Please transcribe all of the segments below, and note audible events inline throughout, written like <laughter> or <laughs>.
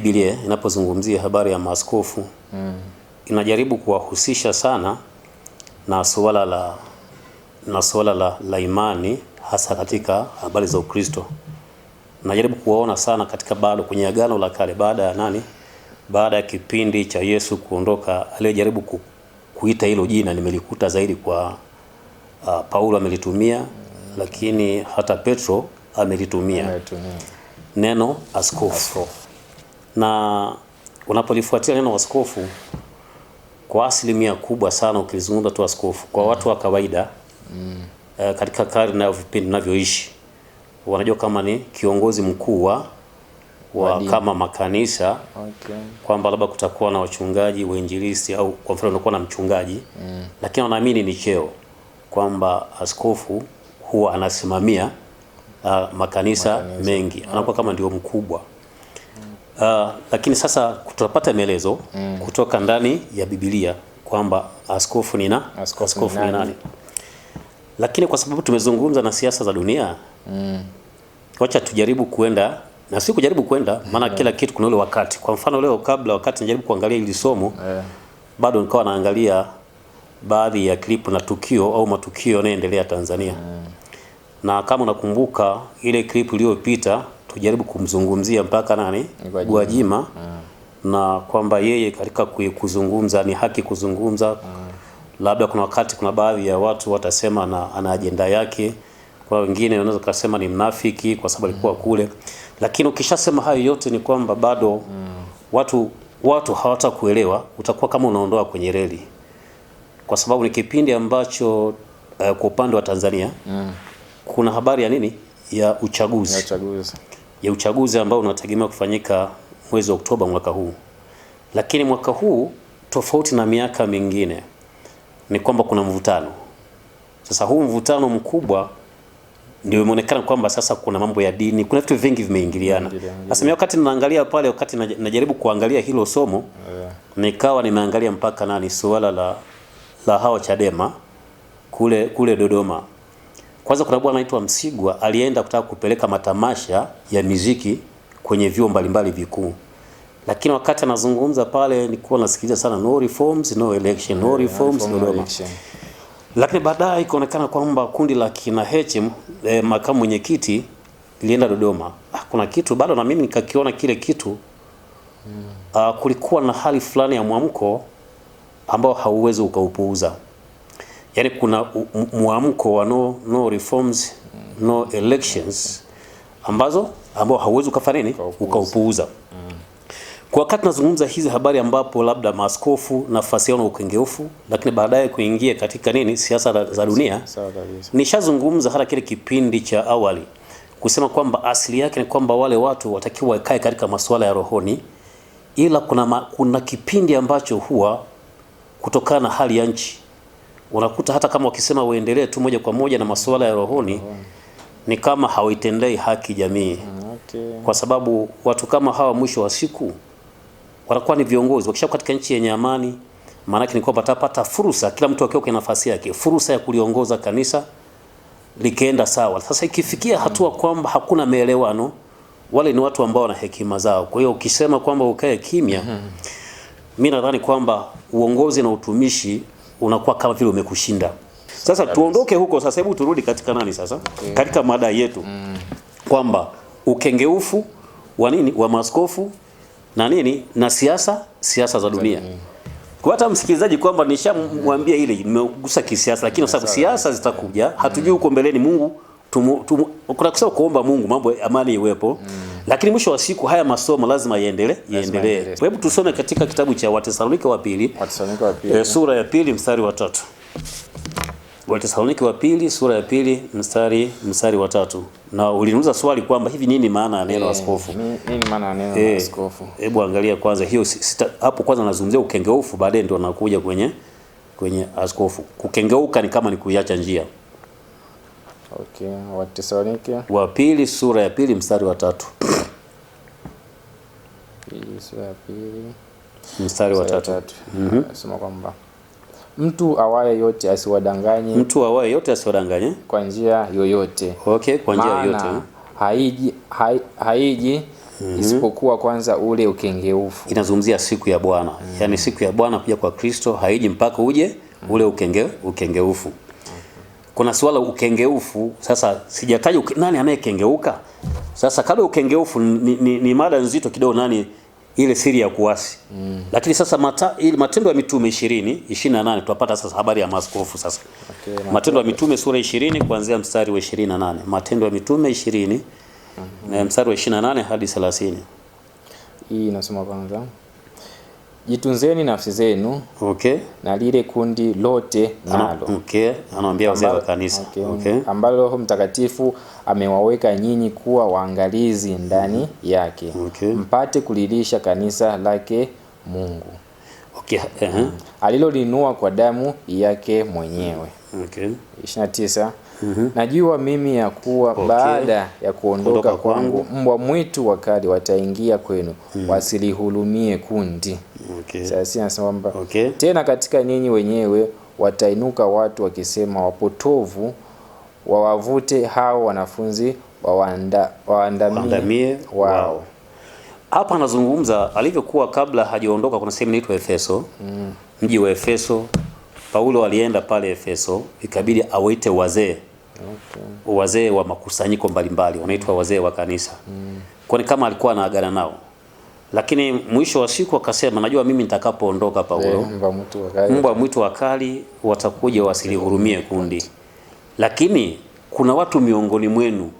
Biblia inapozungumzia habari ya maaskofu mm. inajaribu kuwahusisha sana na suala la na suala la, la imani hasa katika habari za Ukristo. Najaribu kuwaona sana katika bado kwenye Agano la Kale baada ya nani, baada ya kipindi cha Yesu kuondoka, aliyejaribu ku, kuita hilo jina nimelikuta zaidi kwa uh, Paulo amelitumia mm. lakini hata Petro amelitumia neno askofu na unapolifuatia neno waskofu kwa asilimia kubwa sana, ukilizungumza tu waskofu kwa watu wa kawaida mm. E, katika karne na vipindi vinavyoishi wanajua kama ni kiongozi mkuu wa Wadi. kama makanisa okay. kwamba labda kutakuwa na wachungaji wainjilisti, au kwa mfano unakuwa na mchungaji mm. lakini wanaamini ni cheo kwamba askofu huwa anasimamia uh, makanisa, makanisa mengi anakuwa kama ndio mkubwa Uh, lakini sasa tutapata maelezo mm. kutoka ndani ya Biblia kwamba askofu ni na askofu, askofu ni nani, lakini kwa sababu tumezungumza na siasa za dunia mm. wacha tujaribu kuenda na si kujaribu kwenda mm. maana yeah. kila kitu kuna ule wakati. Kwa mfano leo, kabla wakati najaribu kuangalia ili somo yeah. bado nikawa naangalia baadhi ya klipu na tukio au matukio yanayoendelea Tanzania yeah. Mm. na kama unakumbuka ile klipu iliyopita tujaribu kumzungumzia mpaka nani Gwajima hmm. Ah. na kwamba yeye katika kuzungumza ni haki kuzungumza ah. labda kuna wakati kuna baadhi ya watu watasema na, ana ajenda yake kwa wengine wanaweza kusema ni mnafiki kwa sababu alikuwa mm. kule, lakini ukishasema hayo yote ni kwamba bado mm. watu watu hawatakuelewa, utakuwa kama unaondoa kwenye reli, kwa sababu ni kipindi ambacho uh, kwa upande wa Tanzania mm. kuna habari ya nini ya uchaguzi, ya uchaguzi ya uchaguzi ambao unategemea kufanyika mwezi wa Oktoba mwaka huu. Lakini mwaka huu tofauti na miaka mingine ni kwamba kuna mvutano. Sasa huu mvutano mkubwa ndio imeonekana kwamba sasa kuna mambo ya dini, kuna vitu vingi vimeingiliana. Sasa mimi wakati ninaangalia pale, wakati najaribu kuangalia hilo somo yeah, nikawa ninaangalia mpaka nani suala la la hawa Chadema kule kule Dodoma kwanza kuna bwana anaitwa Msigwa alienda kutaka kupeleka matamasha ya miziki kwenye vyuo mbalimbali vikuu, lakini wakati anazungumza pale nilikuwa nasikiliza sana no reforms no election, no eh, reforms no election. Lakini baadaye ikaonekana kwamba kundi la kina HM eh, makamu mwenyekiti lienda Dodoma. Ah, kuna kitu bado na mimi nikakiona kile kitu. Hmm. Ah, kulikuwa na hali fulani ya mwamko ambao hauwezi ukaupuuza yani kuna mwamko wa no, no reforms no elections ambazo ambao hauwezi ukafanya nini ukaupuuza. Kwa wakati nazungumza hizi habari ambapo labda maaskofu nafasi yao na ukengeufu, lakini baadaye kuingia katika nini siasa za dunia, nishazungumza hata kile kipindi cha awali kusema kwamba asili yake ni kwamba wale watu watakiwa wakae katika masuala ya rohoni, ila kuna, ma, kuna kipindi ambacho huwa kutokana na hali ya nchi unakuta hata kama wakisema uendelee tu moja kwa moja na masuala ya rohoni ni kama hawaitendei haki jamii, kwa sababu watu kama hawa mwisho wa siku watakuwa ni viongozi. Wakisha katika nchi yenye amani, maanake ni kwamba atapata fursa, kila mtu akiwa kwenye nafasi yake, fursa ya kuliongoza kanisa likienda sawa. Sasa ikifikia hatua kwamba hakuna maelewano, wale ni watu ambao wana hekima zao. Kwa hiyo ukisema kwamba ukae kimya, mm-hmm. mimi nadhani kwamba uongozi na utumishi unakuwa kama vile umekushinda. Sasa tuondoke huko sasa, hebu turudi katika nani sasa, okay. Eh. katika mada yetu mm. kwamba ukengeufu wa nini wa maskofu na nini na siasa, siasa za dunia kwa hata msikilizaji kwamba nishamwambia ile nimegusa kisiasa, lakini kwa sababu siasa zitakuja, hatujui huko mbeleni Mungu tumu, tumu, kuna kusema kuomba Mungu mambo amani iwepo mm. Lakini mwisho wa siku haya masomo lazima yaendelee yaendelee. Hebu tusome katika kitabu cha Watesalonike wa pili e, sura ya pili mstari wa tatu. Watesalonike wa pili sura ya pili mstari mstari wa tatu. Na uliniuliza swali kwamba hivi nini maana ya neno eh, askofu? Nini maana ya neno eh, askofu? Hebu angalia kwanza hiyo sita, hapo kwanza nazungumzia ukengeufu, baadaye ndio nakuja kwenye kwenye askofu. Kukengeuka ni kama ni kuiacha njia Okay. Watesalonike wa pili sura ya pili mstari wa tatu pili, sura ya pili mstari wa tatu tatu. Mm sema kwamba mtu awaye yote asiwadanganye, mtu awaye yote asiwadanganye kwa njia yoyote. Okay, kwa njia yoyote haiji, hai, haiji Mm -hmm. Isipokuwa kwanza ule ukengeufu. Inazungumzia siku ya Bwana mm -hmm. Yaani siku ya Bwana kuja kwa Kristo haiji mpaka uje mm. ule ukenge, ukengeufu. mm kuna swala ukengeufu. Sasa sijataja nani anayekengeuka. Sasa kabla ukengeufu ni, ni, ni mada nzito kidogo, nani ile siri ya kuasi mm. Lakini sasa mata, ili Matendo ya Mitume 20 28 tupata sasa habari ya maaskofu sasa. Okay, Matendo ya Mitume sura 20 kuanzia mstari wa 28. Matendo ya Mitume 20 mm -hmm. mstari wa 28 hadi 30. Hii inasema kwanza jitunzeni nafsi zenu. Okay. Na lile kundi lote nalo. Anawaambia wazee wa kanisa. Okay. Mm, okay. Ambalo Roho Mtakatifu amewaweka nyinyi kuwa waangalizi ndani yake. Okay. Mpate kulilisha kanisa lake Mungu. Okay. Uh -huh. Mm. Alilolinua kwa damu yake mwenyewe. Okay. 29. Mm mm-hmm. Najua mimi ya kuwa okay, baada ya kuondoka kwangu mbwa mwitu wakali wataingia kwenu, mm. wasilihulumie kundi okay. anasema kwamba okay. Tena katika nyinyi wenyewe watainuka watu wakisema, wapotovu wawavute hao wanafunzi wawanda, wao. Hapa anazungumza alivyokuwa kabla hajaondoka. Kuna sehemu inaitwa Efeso mm. mji wa Efeso. Paulo alienda pale Efeso, ikabidi awaite wazee okay. wazee wa makusanyiko mbalimbali wanaitwa wazee wa kanisa mm. kwani kama alikuwa anaagana nao lakini mwisho wa siku akasema, najua mimi nitakapoondoka Paulo, eh, mbwa mwitu wakali watakuja wasilihurumie kundi, lakini kuna watu miongoni mwenu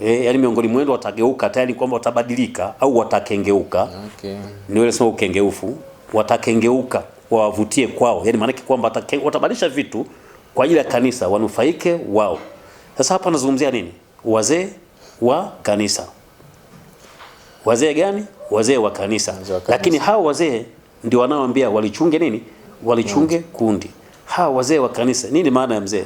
E, eh, yani miongoni mwenu watageuka tayari kwamba watabadilika au watakengeuka. Okay. Ni wale sema ukengeufu, watakengeuka wawavutie kwao, yani maanake kwamba watabadilisha vitu kwa ajili ya kanisa wanufaike wao. Sasa hapa nazungumzia nini? Wazee wa kanisa. Wazee gani? wazee wa kanisa, lakini hao wazee ndio wanaoambia walichunge nini, walichunge mm. kundi. Hao wazee wa kanisa, nini maana ya mzee?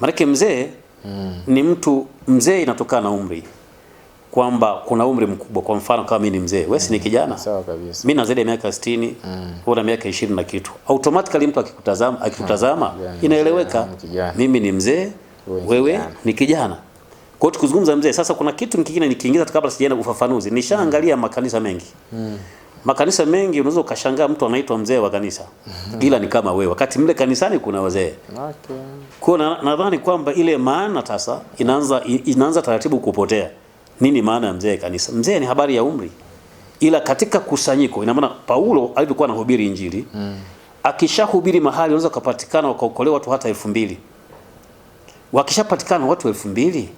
Maanake mzee mm. ni mtu mzee, inatokana na umri kwamba kuna umri mkubwa. Kwa mfano kama mimi ni mzee, wewe si ni hmm. kijana? Sawa kabisa. Mimi na zaidi ya miaka 60, hmm. wewe miaka 20 na kitu. Automatically mtu akikutazama, akikutazama hmm. inaeleweka, mimi ni mzee, wewe ni kijana. Kwa hiyo tukizungumza mzee, sasa kuna kitu kingine nikiingiza kabla sijaenda kufafanuzi. Nishaangalia mm. makanisa mengi. Mm. Makanisa mengi unaweza ukashangaa mtu anaitwa mzee wa kanisa. Mm. Ila ni kama wewe. Wakati mle kanisani kuna wazee. Okay. Kwa hiyo nadhani kwamba ile maana sasa inaanza inaanza taratibu kupotea. Nini maana ya mzee kanisa? Mzee ni habari ya umri. Ila katika kusanyiko ina maana Paulo alivyokuwa anahubiri Injili. Mm. Akishahubiri mahali unaweza kupatikana wakaokolewa watu hata elfu mbili. Wakishapatikana watu elfu mbili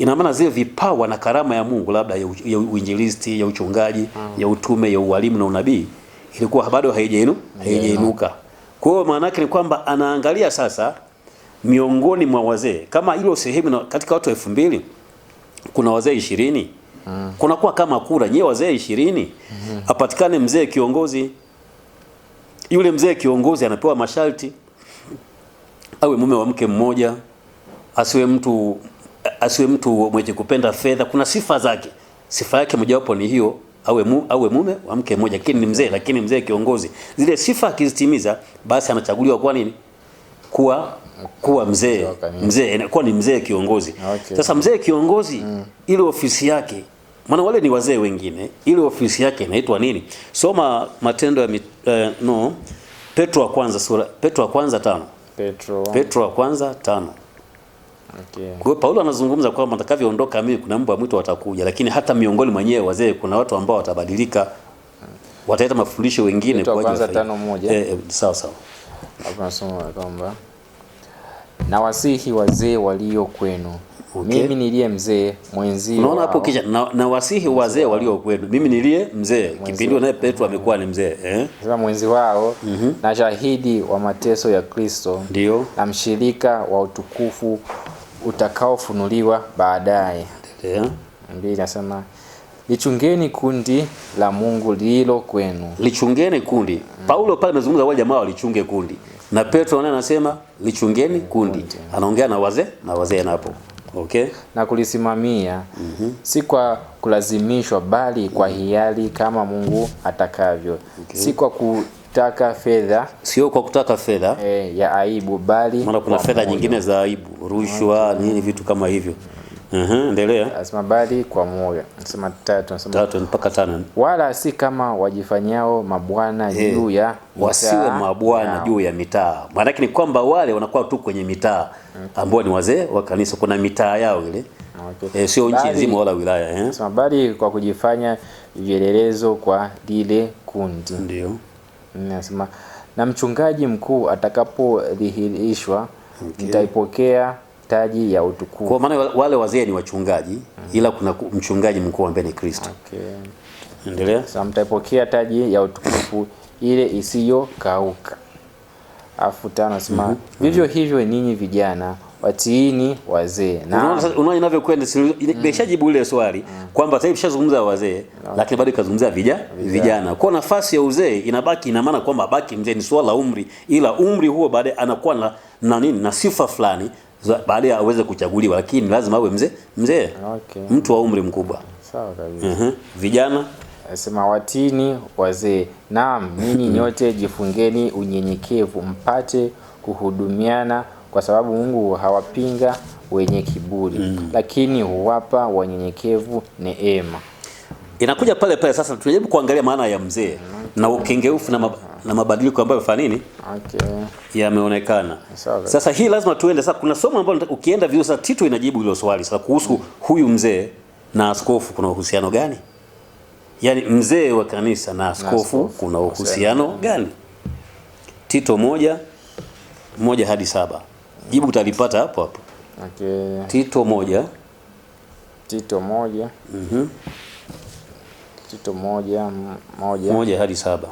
ina maana zile vipawa na karama ya Mungu labda ya, ya uinjilisti ya uchungaji hmm. ya utume ya ualimu na unabii ilikuwa bado haijainu haijainuka. Kwa hiyo maana yake ni kwamba anaangalia sasa miongoni mwa wazee kama hilo sehemu katika watu elfu mbili kuna wazee ishirini kuna mm. kunakuwa kama kura nyewe wazee ishirini hmm. apatikane mzee kiongozi. Yule mzee kiongozi anapewa masharti, awe mume wa mke mmoja, asiwe mtu asiwe mtu mwenye kupenda fedha. Kuna sifa zake, sifa yake mojawapo ni hiyo, awe mu, awe mume wa mke mmoja, lakini ni mzee, lakini mzee kiongozi. Zile sifa akizitimiza, basi anachaguliwa kwa nini kuwa kuwa mzee mzee, inakuwa ni mzee kiongozi. Okay. Sasa mzee kiongozi mm. ile ofisi yake maana wale ni wazee wengine, ile ofisi yake inaitwa nini? Soma Matendo ya mit, uh, eh, no Petro wa kwanza sura Petro wa kwanza tano Petro Petro wa kwanza tano Okay. Kwa Paulo anazungumza kwamba nitakavyoondoka mimi kuna mbwa mwitu watakuja, lakini hata miongoni mwenyewe wazee kuna watu ambao watabadilika, wataleta mafundisho wengine kwa kwanza tano moja. Eh, eh sawa sawa. Hapo nasoma kwamba na wasihi wazee walio kwenu. Okay. Mimi niliye mzee mwenzio. Unaona hapo kisha na, na wasihi wazee walio kwenu. Mimi niliye mzee kipindi naye Petro amekuwa ni mzee eh. Sasa mwenzi wao mm -hmm. na shahidi wa mateso ya Kristo. Ndio. Na mshirika wa utukufu utakaofunuliwa baadaye. Mbili nasema lichungeni kundi la Mungu lilo kwenu. Lichungeni kundi. Mm. Paulo pale anazungumza wale jamaa walichunge kundi. Na Petro naye anasema lichungeni mm, kundi. kundi. Anaongea na wazee na wazee napo. Okay. Na kulisimamia mm -hmm. si kwa kulazimishwa bali kwa mm. hiari kama Mungu atakavyo. Okay. Si kwa ku kutaka fedha, sio kwa kutaka fedha e, ya aibu, bali maana kuna fedha nyingine za aibu, rushwa nini, vitu kama hivyo. Endelea. Uh -huh, asema bali kwa moyo. Nasema tatu, nasema tatu mpaka tano. Wala si kama wajifanyao mabwana hey, eh, juu ya wasiwe mabwana juu ya mitaa. Maana ni kwamba wale wanakuwa tu kwenye mitaa okay, ambao ni wazee wa kanisa, kuna mitaa yao ile okay, eh, sio nchi nzima wala wilaya eh. Asema bali kwa kujifanya vielelezo kwa lile kundi. Ndio. Nasema na mchungaji mkuu atakapodhihirishwa okay. nitaipokea taji ya utukufu. Kwa maana wale wazee ni wachungaji mm -hmm. ila kuna mchungaji mkuu ambaye ni Kristo. Okay. Endelea. Sasa mtaipokea taji ya utukufu ile isiyokauka. Afu tano sema mm -hmm. vivyo hivyo ninyi vijana watiini wazee. Unaona inavyokwenda, nimeshajibu ile mm. swali mm. kwamba sasa tushazungumza wazee, lakini bado ikazungumza vijana vijana. Kwa nafasi ya uzee inabaki, ina maana kwamba baki mzee ni swala la umri, ila umri huo baadaye anakuwa na, na nini na sifa fulani baadaye aweze kuchaguliwa, lakini lazima awe mzee mzee, okay. mtu wa umri mkubwa. Sawa kabisa. uh -huh. Vijana Asema watini wazee. Naam, ninyi <clears throat> nyote jifungeni unyenyekevu mpate kuhudumiana kwa sababu Mungu hawapinga wenye kiburi mm. lakini huwapa wanyenyekevu neema. Inakuja pale pale sasa, tunajaribu kuangalia maana ya mzee okay. na ukengeufu na, mab na mabadiliko ambayo fanya nini okay. yameonekana Sasa hii lazima tuende sasa, kuna somo ambalo ukienda vizuri sasa, Tito inajibu hilo swali sasa kuhusu huyu mzee na askofu kuna uhusiano gani? Yaani mzee wa kanisa na askofu, na askofu kuna uhusiano gani? Tito moja moja hadi saba jibu utalipata hapo hapo. Okay. Tito moja. Tito moja. Mm-hmm. Tito moja moja. Moja hadi saba.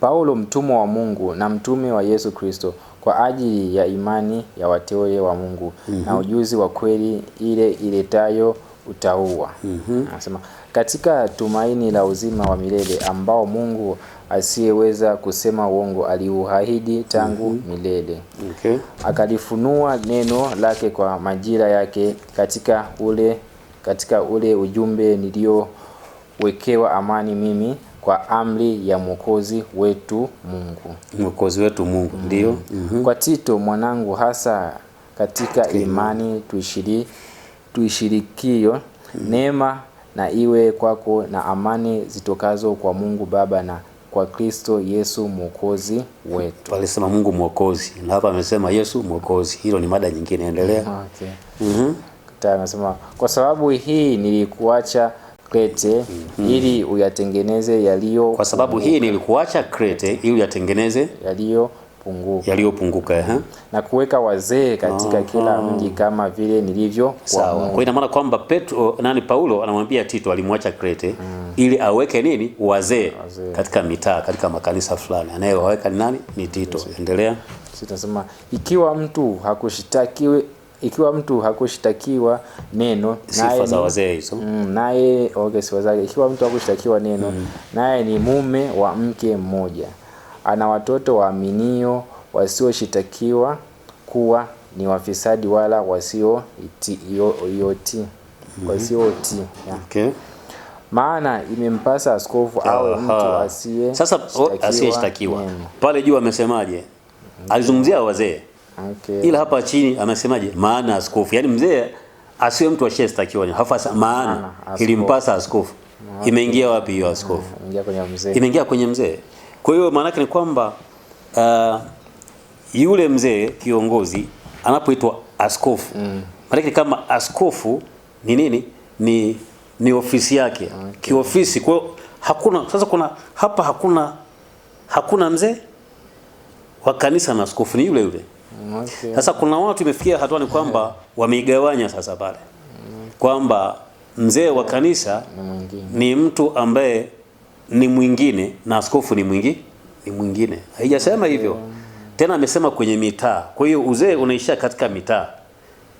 Paulo mtumwa wa Mungu na mtume wa Yesu Kristo kwa ajili ya imani ya wateule wa Mungu mm -hmm. na mhm. ujuzi wa kweli ile iletayo utauwa. Anasema mm -hmm. Anasema katika tumaini la uzima wa milele ambao Mungu asiyeweza kusema uongo, aliuahidi tangu mm -hmm. milele okay. Akalifunua neno lake kwa majira yake katika ule, katika ule ujumbe niliowekewa amani mimi kwa amri ya Mwokozi wetu Mungu, Mwokozi wetu Mungu mm -hmm. mm -hmm. Kwa Tito mwanangu, hasa katika okay. imani tuishiri, tuishirikio mm -hmm. neema na iwe kwako na amani zitokazo kwa Mungu Baba na kwa Kristo Yesu mwokozi wetu. Palisema Mungu mwokozi na hapa amesema Yesu mwokozi. Hilo ni mada nyingine, endelea. Okay. mm -hmm. Anasema kwa sababu hii nilikuacha Krete mm -hmm. ili uyatengeneze yaliyo. Kwa sababu hii nilikuacha Krete ili uyatengeneze yaliyo yaliyopunguka ya eh, na kuweka wazee katika oh, kila mji kama vile nilivyo. Sawa, kwa ina maana kwamba Petro nani, Paulo anamwambia Tito alimwacha Krete mm, ili aweke nini wazee waze, katika mitaa katika makanisa fulani, anayewaweka ni nani? Ni Tito. Endelea. sitasema ikiwa mtu hakushitakiwe ikiwa mtu hakushtakiwa neno sifa za wazee hizo mm, naye, okay, Ikiwa mtu hakushtakiwa neno mm, naye ni mume wa mke mmoja ana watoto waaminio wasioshitakiwa kuwa ni wafisadi wala wasioioti mhm. wasiotii Maana imempasa askofu au mtu asiye sasa asiyeshtakiwa. Pale juu amesemaje? Alizungumzia wazee okay. Ila hapa chini amesemaje? Maana askofu, yani mzee asiwe mtu asiyeshtakiwa, hafa maana Ilimpasa askofu, imeingia wapi hiyo askofu? Imeingia kwenye mzee, imeingia kwenye mzee. Kwa hiyo maanake ni kwamba uh, yule mzee kiongozi anapoitwa askofu mm. maanake kama askofu ni nini? Ni ni ofisi yake ah, okay. Kiofisi. Kwa hiyo hakuna sasa, kuna hapa hakuna hakuna mzee wa kanisa na askofu ni yule yule mm, okay. Sasa kuna watu imefikia hatua ni kwamba <laughs> wameigawanya sasa pale mm. kwamba mzee wa kanisa ni mtu ambaye ni mwingine na askofu ni mwingi ni mwingine. Haijasema hivyo tena, amesema kwenye mitaa. Kwa hiyo uzee unaishia katika mitaa,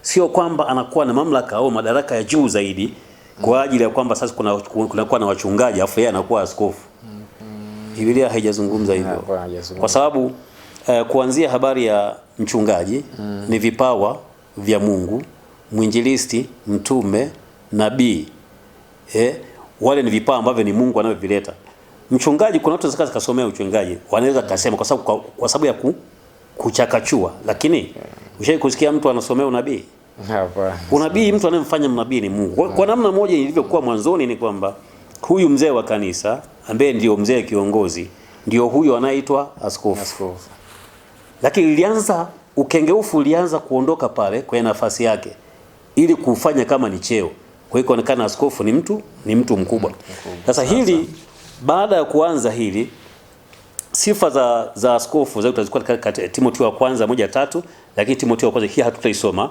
sio kwamba anakuwa na mamlaka au madaraka ya juu zaidi kwa ajili ya kwamba sasa kuna kunakuwa na wachungaji afu yeye anakuwa askofu. Biblia haijazungumza mm-hmm. hivyo, kwa sababu eh, kuanzia habari ya mchungaji mm. ni vipawa vya Mungu, mwinjilisti, mtume, nabii eh, wale ni vipawa ambavyo ni Mungu anavyovileta. Mchungaji, kuna watu zaka zikasomea uchungaji, wanaweza kasema kwa sababu kwa sababu ya ku, kuchakachua, lakini ushawahi kusikia mtu anasomea unabii? Hapana. Unabii, mtu anayemfanya mnabii ni Mungu. Kwa, kwa namna moja ilivyokuwa mwanzoni ni kwamba huyu mzee wa kanisa ambaye ndio mzee kiongozi ndio huyu anaitwa askofu. Askofu. Lakini ilianza ukengeufu ulianza kuondoka pale kwenye nafasi yake ili kufanya kama ni cheo. Kwa hiyo kuonekana askofu ni mtu ni mtu mkubwa. Sasa hili baada ya kuanza hili sifa za za askofu zote zilikuwa katika Timotheo wa kwanza moja tatu, lakini Timotheo wa kwanza hii hatutaisoma